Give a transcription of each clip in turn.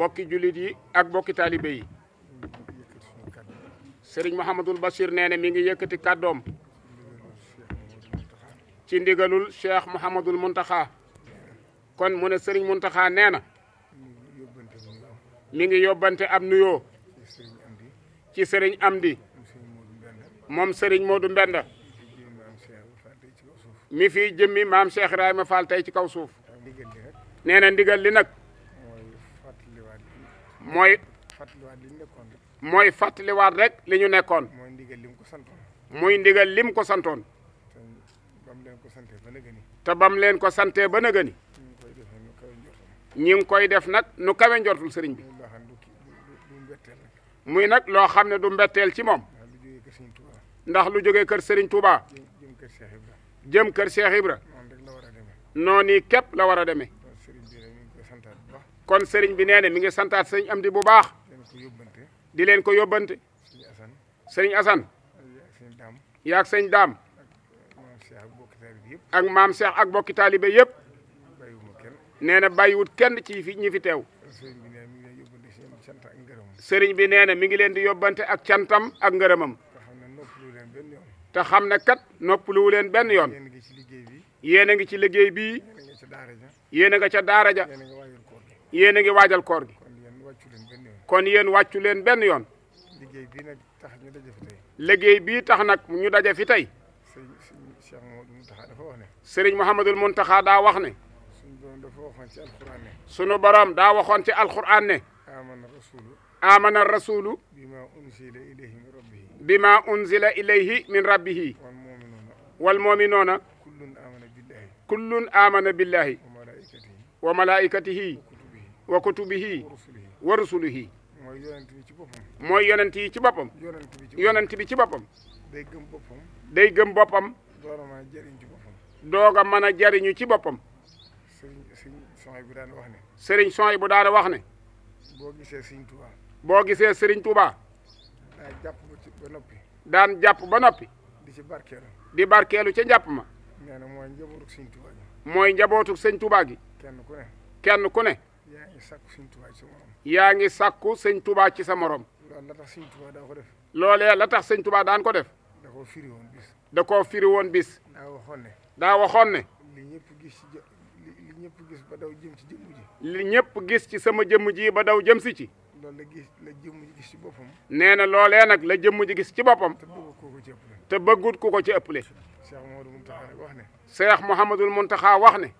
bokki jullit yi ak bokki taalibe yi sëriñ Mouhamadul Bachir nee na mi ngi yëkkati kàddoom ci ndigalul cheikh Mouhamadul Muntaxa kon mu ne sëriñ Muntaxa nee na mi ngi yóbbante am nuyoo ci sëriñ Amdi moom sëriñ Modou Mbenda mi fii jëmmi maam Cheikh Ibrahima Fall tey ci kaw suuf ndigal li nag mooy. fàttaliwaat li nekkoon mooy fàttaliwaat rek li ñu nekkoon. mooy ndigal lim ko santoon. muy ndigal lim ko santoon. te bam leen ko santee ba nëgë ni. te bam leen ko santee ba nëgë ngi koy def nag nu kawe njortul sëriñ bi. muy nag loo xam ne du mbetteel ci moom. ndax lu jógee kër sëriñ Touba. jëm kër Cheikh Ibra. noonu képp la war a demee. kon seriñ bi nee na mi ngi santaat am di bu baax. di leen ko yóbbante. sëriñ Assane. yaak sëñ Daam. ak maam Cheikh ak bokki taalibe yëpp. nee na bàyyiwut kenn ci fi ñi fi teew. sëriñ bi nee na mi ngi leen di yobbante ak cantam ak ngërëmam. te xam ne kat noppaluwu leen benn yoon. yéen a ngi si liggéey bi yéen a nga ca daara ja. yéen a ngi waajal koor gi. kon yéen wàccu leen benn yoon. liggéey bi nag tax liggéey bii tax nag ñu daja fi tey. Serigne Mouhamadul Mountakha daa wax ne. sunu borom daa waxoon ci alxuraan ne. amana rasulu bima unzila ilayhi min rabbihi wal mu'minuna kullun amana billahi kullun amana billahi wa wa kutubihi wa rusulihi mooy yonent bi ci boppam. mooy yonent yi ci boppam. yonent bi ci boppam. day gëm boppam. day gëm boppam. doog a a jariñu ci boppam. doog a mën a jariñu ci boppam. sëriñ sooy bu daan wax ne. sëriñ sooy bu daan wax ne. boo gisee sëriñ Touba. boo gisee sëriñ Touba. daan jàpp ba noppi. daan jàpp ba noppi. di ci barkeelu. di barkelu ca jàpp ma. nee na mooy njabootu sëriñ Touba gi. mooy njabootu sëriñ Touba gi. kenn ku kenn ku ne. yaa ngi sàkku sëñ Tuubaa sa morom. yaa ngi sàkku sëñ Tuubaa ci sa morom. loolu la tax sëñ Tuubaa daan ko def. loolee la tax sëñ Tuubaa daan ko def. da koo bis. da koo firi woon bis. waxoon ne. daa waxoon ne. li ñëpp gis ci li ñëpp gis ba daw jëm ci li ñëpp gis ci sama jëmm ji ba daw jëm si ci. loolu la gis la ji gis boppam. nee na loolee nag la jëmm ji gis ci boppam. te bëggut ku ko ci ëppale. te bëggut ku ko ci ëppale. Cheikh Mouhamadul Mountakha wax ne. Cheikh Mouhamadul Mountakha wax ne.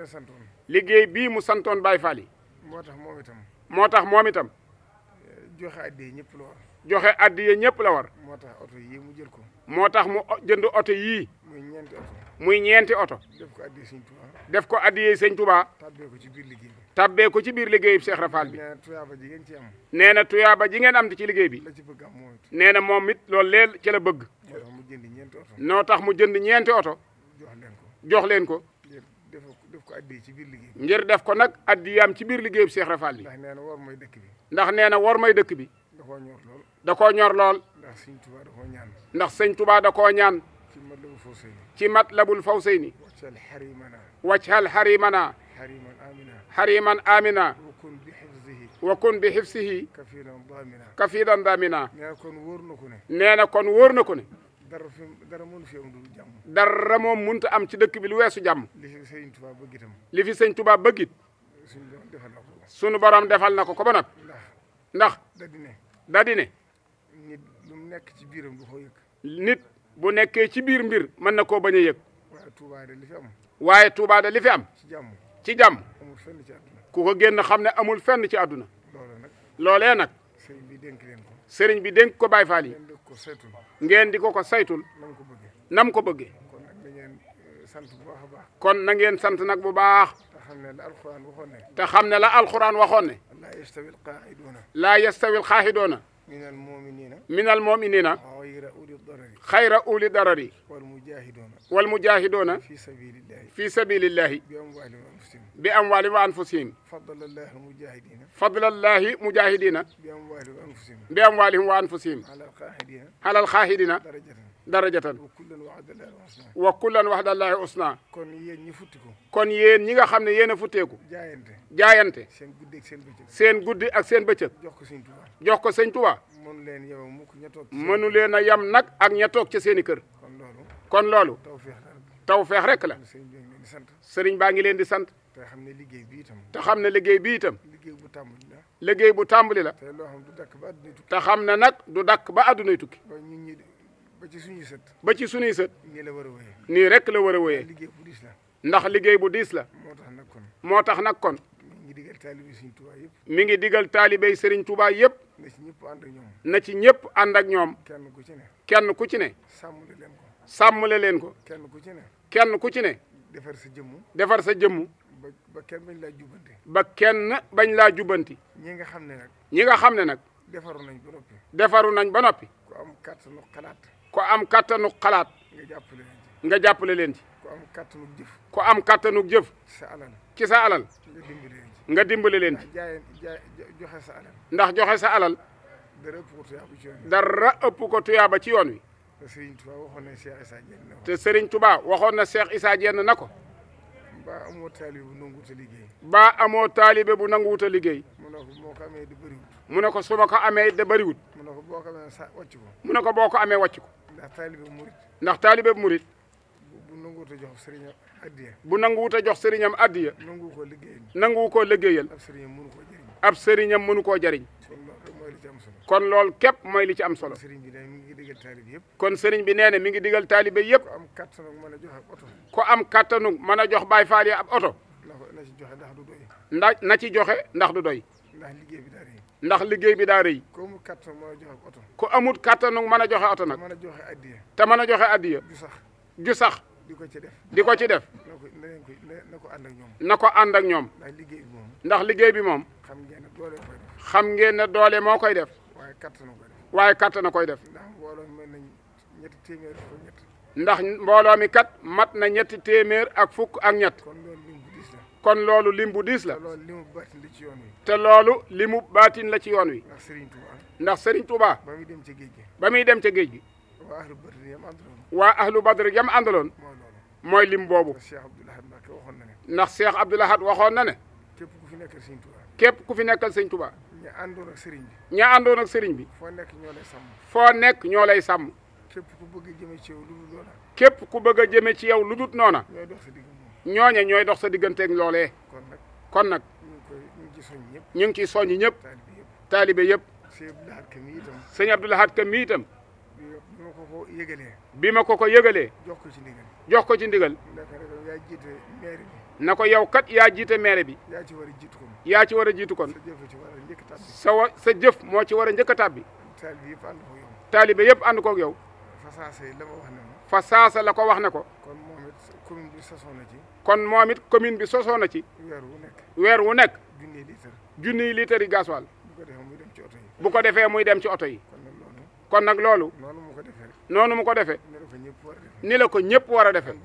la liggéey bii mu santoon Baye Fall yi. moo tax moom itam. moo tax moom itam. joxe addiya ñëpp la war. joxe addiya ñëpp la war. moo tax oto yii mu jël ko. moo tax mu jënd oto yii. muy ñeenti oto. muy ñeenti oto. def ko addiya sëñ Touba. def ko addiya sëñ Touba. tabbee ko ci biir liggéey bi. tabbee ko ci biir liggéeyu Cheikh Rafal bi. nee na tuyaaba ji ngeen ci am. nee na tuyaaba ji ngeen am ci liggéey bi. la ci bëgg am moom it. nee na moom it la bëgg. mu jënd ñeenti oto. noo tax mu jënd ñeenti oto. jox leen ko jox ko. ko addi ci biir liggéey ngir def ko nag addiyaam ci biir liggéey bi Cheikh Rafal bi. ndax nee na war mooy dëkk bi. ndax nee na war mooy dëkk bi. da koo ñor lool. da koo ñor lool. ndax sëñ Touba da koo ñaan. ndax sëñ Touba da ko ñaan. ci matlabul fawsayni. ci matlabul fawsayni. wàccal xarimana. wàccal xarimana. xariman amina. xariman amina. wa kun bi xifsihi. kafiidan damina. kafiidan damina. nee na kon wóor na ko ne. nee na kon wóor na ko ne. dara fi dara mënu moom mënut am ci dëkk bi lu weesu jàmm. li fi sëñ Touba bëgg itam. li fi sëñ Touba bëgg it. suñu borom defal na ko. suñu ko ba nag. ndax da di ne. nit nekk ci biiram du ko yëg. nit bu nekkee ci biir mbir mën na koo bañ a yëg. waaye Touba de li fi am. waaye Touba de li fi am. ci jàmm ci jàmm. amul ku ko génn xam ne amul fenn ci àdduna. loolee nag. loolee nag. sëriñ bi dénk leen ko. sëriñ bi dénk ko ko saytul. ngeen di ko ko saytul. nam ko bëggee nam ko bëggee. kon nag na ngeen eh, sant bu baax a kon na ngeen sant nag bu baax. xam ne la alxuraan waxoon ne. te xam ne la alxuraan waxoon ne. laa yastawil qaaxidoona. laa yastawil qaaxidoona. minal mu'minina minal mu'minina xayra uli darari wal mujahiduna fi sabilillahi bi amwali wa anfusihim fadlallahi mujahidina bi amwalihim wa anfusihim alal xaahidina darajatan wa kullan waxdallaahi usna kon yéen ñi futti ko kon yéen ñi nga xam ne yéen futteeku jaayante jaayante seen guddi ak seen bëccëg seen guddi ak seen bëccëg jox ko sëñ Tuubaa jox ko sëñ Tuubaa mënu leen yow mukk ña toog mënu leen a yam nag ak ña toog ci seen i kër kon loolu kon loolu taw feex rek la sëriñ baa ngi leen di sant te xam ne liggéey bi itam te xam ne liggéey bi itam liggéey bu tàmbali la liggéey bu tàmbali la te xam ne nag du dakk ba àddunay tukki ba ci suñuy sët. ba ci suñuy sët. nii la war a wëyee. nii rek la war a wëyee. ndax liggéey bu diis la. moo tax nag kon. moo tax nag kon. mi ngi digal taalibe Serigne Touba yëpp. mi ngi digal taalibe sëriñ Touba yëpp. na ci ñëpp ànd ak ñoom. na ci ñëpp ànd ak ñoom. kenn ku ci ne. kenn ku ci ne. sàmmale leen ko. sàmmale leen ko. kenn ku ci ne. kenn ku ci ne. defar sa jëmmu defar sa jëmm. ba ba kenn bañ laa jubbanti. ba kenn bañ laa jubbanti. ñi nga xam ne nag. ñi nga xam ne nag. defaru nañ ba noppi. defaru nañ ba noppi. ku am kàttanu xalaat. ko am kattanu xalaat. nga nga jàppale leen ci. ku am kattanu jëf. ku am kattanu jëf. ci sa alal ci nga dimbale leen ci. joxe sa ndax joxe sa alal. dara ëpp ko tuyaaba ci ëpp ko tuyaaba ci yoon wi. te Serigne Touba waxoon te Serigne Touba waxoon na Cheikh Issa Dieng na ko. baa amoo taalibe bu nanguwut a liggéey. baa amoo taalibe bu nanguwut a liggéey. mu ne ko boo ko amee da bëriwut. mu ne ko su ma ko amee da bëriwut. mu ko boo ko amee wàcc ko. mu ne ko boo ko amee wàcc ko. ndax taalibe bu murit. ndax taalibe bu murit. bu nanguwut a jox sëriñam addiya. bu nanguwut a jox sëriñam addiya. nanguwu koo liggéeyal. nanguwu koo liggéeyal. ab sëriñam mënu koo jëriñ. ab mënu koo jëriñ. kon lool képp mooy li ci am solo. sëriñ bi nee mi ngi digal taalibe yëpp. kon sëriñ bi neene mi ngi digal taalibe yëpp. ko am kattanu mën a jox ab ko am kattanu mën a jox Baay Faal yi ab oto. na ci joxe ndax du doy. ndax na ci joxe ndax du doy. liggéey bi ndax liggéey bi daa rëy. ku amut kàttan mën joxe oto. ku amut kàttan mën a joxe oto nag. mën a joxe addiya. te mën a joxe addiya. ju sax ju sax. di ko ci def di ko ci def. ko ànd ak ñoom. na ko ànd ak ñoom. ndax liggéey moom. ndax liggéey bi moom. xam ngeen ne doole xam ngeen ne doole moo koy def. waaye kàttan na koy waaye kàttan na koy def. ndax mbooloo mi mën nañ ñetti mbooloo mi kat mat na ñetti téeméer ak fukk ak ñett. kon loolu lim bu diis la. te loolu limu baatin la ci yoon wi. te loolu limu baatin la ci yoon wi. ndax Serigne Touba. ndax Serigne Touba. ba muy dem ci géej gi. ba muy dem ca géej gi. waa ahlu badr yam àndaloon. waa mooy lim boobu. ndax Cheikh Abdoul Ahad waxoon na ne. ndax Cheikh Abdoul Ahad waxoon na ne. képp ku fi nekkal Serigne Touba. képp ku fi nekkal Serigne Touba. ña àndoon sëriñ bi. ña àndoon ak Serigne bi. foo nekk ñoo lay sàmm. foo nekk ñoo lay sàmm. képp ku bëgg jëme ci yow lu noona. képp ku bëgg a jëme ci yow lu dul noona. ñooña ñooy dox sa digganteeg loolee. kon nag ñu ngi ciy soññ ñëpp. taalibe yëpp. sëñ Abdou Lahad Ka mi itam. bi ko ko bi ma ko ko yëgalee. jox ko ci ndigal. jox ko ci ndigal. na ko yow kat yaa jiite maire bi. yaa ci war a jiitu kon. yaa ci war a jiitu kon. sa wa sa jëf moo ci war a njëkk a tàbbi. taalibe yëpp ànd koog yow. fa saasa la ko wax ne ko. commune bi sosoo na ci. kon moom it commune bi sosoo na ci. weer wu nekk weer wu nekk. junniy litre junniy litre yi gasoil. bu ko defee muy dem ci oto bu ko defee muy dem ci oto yi. kon nag loolu. noonu mu ko defee. noonu mu ko defee. ni la ko ñëpp war a defee.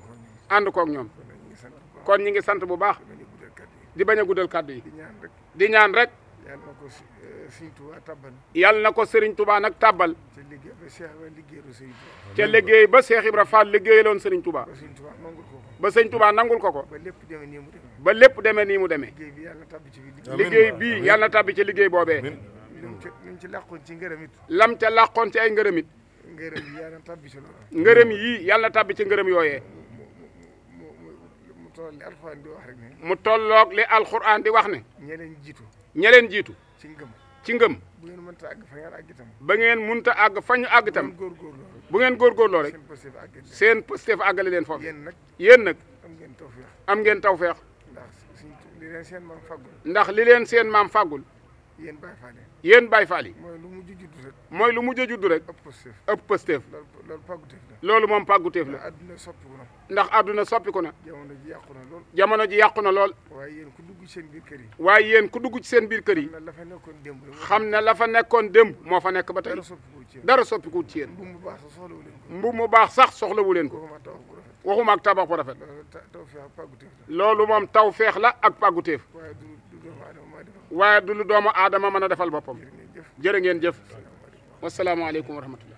ànd koog ñoom. kon ñi ngi sant bu baax. di bañ a guddal kàddu yi. di ñaan rek. yàlla na ko Serigne eh, Touba tàbbal. yàlla na ko Serigne Touba nag tàbbal. ca liggéey ba Cheikh Ibra liggéeyaloon Serigne Touba. ca liggéey ba Cheikh Ibra Fall liggéeyaloon Serigne ba señ Touba nangul ko ko. ba lépp demee nii mu demee. ba lépp demee nii mu demee. liggéey bi yàlla na tàbbi ci biir. liggéey bii yàlla na tàbbi ca liggéey boobee. lam ca làqoon ci ngërëm lam ca làqoon ay ngërëm it. ngërëm yi yàlla na tàbbi ci yii yàlla na tàbbi ci ngërëm yooyee tolloog li alxuraan di wax rek ne. mu tolloog li alxuraan di wax ne. ña jiitu. ña jiitu. ci ngëm. ci ngëm. bu ngeen mënta àgg fa ngeen àgg itam. ba ngeen mënta àgg fa ñu àgg itam. bu ngeen góorgóorloo rek. seen pësteef àggale leen foofu. yéen nag yéen nag. am ngeen tawfeex. am ngeen tawfeex. ndax li leen seen maam fàggul. ndax li seen maam fàggul. yéen Baye Fall yi. yéen Baye Fall yi. mooy lu mujj juddu rek. mooy lu mujj juddu rek. ëpp pësteef ëpp pësteef. loolu moom pàgguteef la. ndax àdduna soppiku na. ndax àdduna soppiku na. jamono ji yàqu na lool. jamono ji yàqu na lool. waaye yéen ku dugg ci seen biir kër yi. waaye yéen ku dugg ci seen biir kër yi. xam la fa nekkoon démb. xam ne la fa nekkoon démb moo fa nekk ba tey. dara soppiku ci yéen dara soppiku ci yéen. mbuum mu baax sax soxlawu leen ko. mbuum mu baax sax soxlawu leen ko. waxuma ak tabax bu rafet. loolu moom taw feex la ak pàgguteef waaye du lu doomu aadama mën a defal boppam jërë ngeen jëf wasalaamaaleykum wa rahmatullah